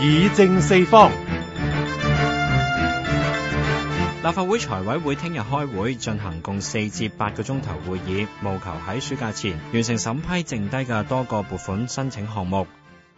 議政四方。立法會財委會聽日開會，進行共四至八個鐘頭會議，務求喺暑假前完成審批剩低嘅多個撥款申請項目。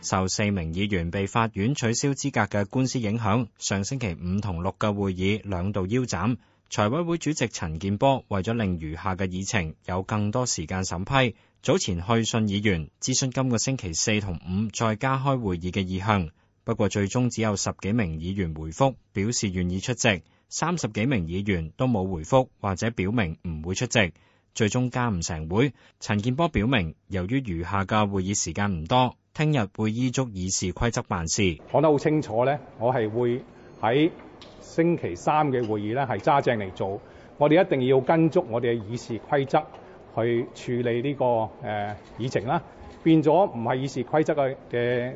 受四名議員被法院取消資格嘅官司影響，上星期五同六個會議兩度腰斬。財委會主席陳健波為咗令餘下嘅議程有更多時間審批，早前去信議員，諮詢今個星期四同五再加開會議嘅意向。不過最終只有十幾名議員回覆表示願意出席，三十幾名議員都冇回覆或者表明唔會出席，最終加唔成會。陳健波表明，由於餘下嘅會議時間唔多，聽日會依足議事規則辦事。講得好清楚咧，我係會喺星期三嘅會議咧係揸正嚟做，我哋一定要跟足我哋嘅議事規則去處理呢、這個誒、呃、議程啦。變咗唔係議事規則嘅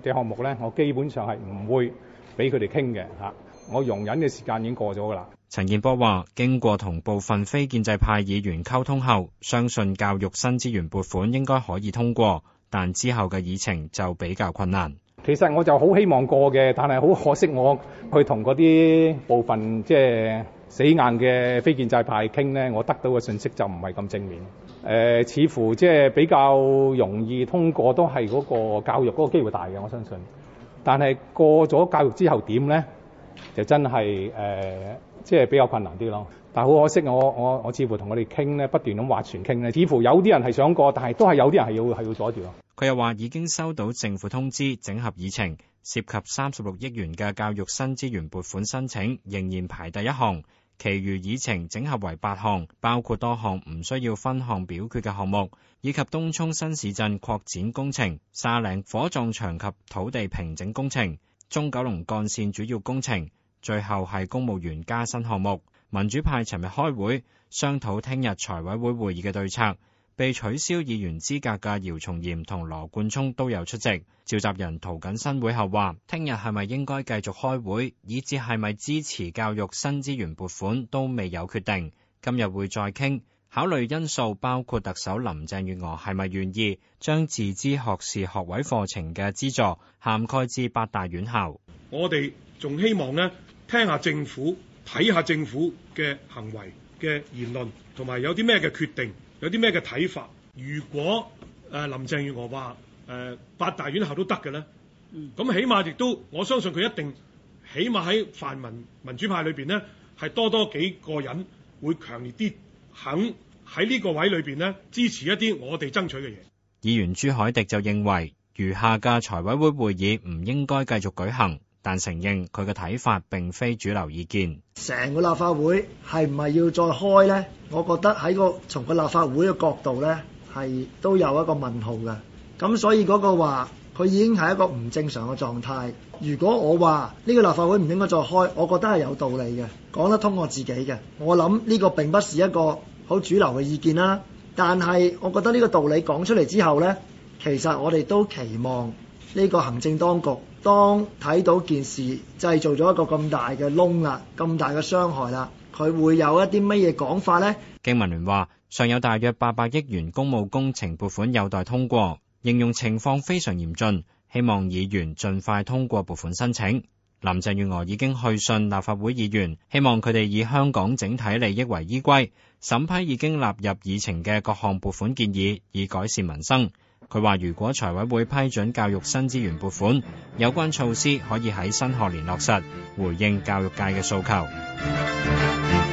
嘅項目呢，我基本上係唔會俾佢哋傾嘅嚇。我容忍嘅時間已經過咗㗎啦。陳健波話：經過同部分非建制派議員溝通後，相信教育新資源撥款應該可以通過，但之後嘅議程就比較困難。其實我就好希望過嘅，但係好可惜，我去同嗰啲部分即係。死硬嘅非建制派傾咧，我得到嘅信息，就唔係咁正面。誒、呃，似乎即係比較容易通過，都係嗰個教育嗰、嗰個機會大嘅，我相信。但係過咗教育之後點咧，就真係誒，即、呃、係、就是、比較困難啲咯。但係好可惜，我我我似乎同佢哋傾咧，不斷咁划船傾咧，似乎有啲人係想過，但係都係有啲人係要係要阻住咯。佢又話已經收到政府通知，整合議程涉及三十六億元嘅教育新資源撥款申請，仍然排第一項。其餘議程整合為八項，包括多項唔需要分項表決嘅項目，以及東涌新市鎮擴展工程、沙嶺火葬場及土地平整工程、中九龍幹綫主要工程，最後係公務員加薪項目。民主派尋日開會商討聽日財委會會議嘅對策。被取消議員資格嘅姚松炎同羅冠聰都有出席。召集人涂謹申會後話：，聽日係咪應該繼續開會，以至係咪支持教育新資源撥款都未有決定。今日會再傾，考慮因素包括特首林鄭月娥係咪願意將自資學士學位課程嘅資助涵蓋至八大院校。我哋仲希望咧，聽下政府睇下政府嘅行為嘅言論，同埋有啲咩嘅決定。有啲咩嘅睇法？如果誒林鄭月娥話誒、呃、八大院校都得嘅咧，咁起碼亦都我相信佢一定起碼喺泛民民主派裏邊呢，係多多幾個人會強烈啲肯喺呢個位裏邊呢支持一啲我哋爭取嘅嘢。議員朱凱迪就認為，餘下嘅財委會會議唔應該繼續舉行。但承認佢嘅睇法並非主流意見。成個立法會係唔係要再開呢？我覺得喺個從個立法會嘅角度呢，係都有一個問號嘅。咁所以嗰個話佢已經係一個唔正常嘅狀態。如果我話呢個立法會唔應該再開，我覺得係有道理嘅，講得通我自己嘅。我諗呢個並不是一個好主流嘅意見啦。但係我覺得呢個道理講出嚟之後呢，其實我哋都期望呢個行政當局。當睇到件事製造咗一個咁大嘅窿啦，咁大嘅傷害啦，佢會有一啲乜嘢講法呢？經文聯話尚有大約八百億元公務工程撥款有待通過，應用情況非常嚴峻，希望議員盡快通過撥款申請。林鄭月娥已經去信立法會議員，希望佢哋以香港整體利益為依歸，審批已經納入議程嘅各項撥款建議，以改善民生。佢話，如果財委會批准教育新資源撥款，有關措施可以喺新學年落實，回應教育界嘅訴求。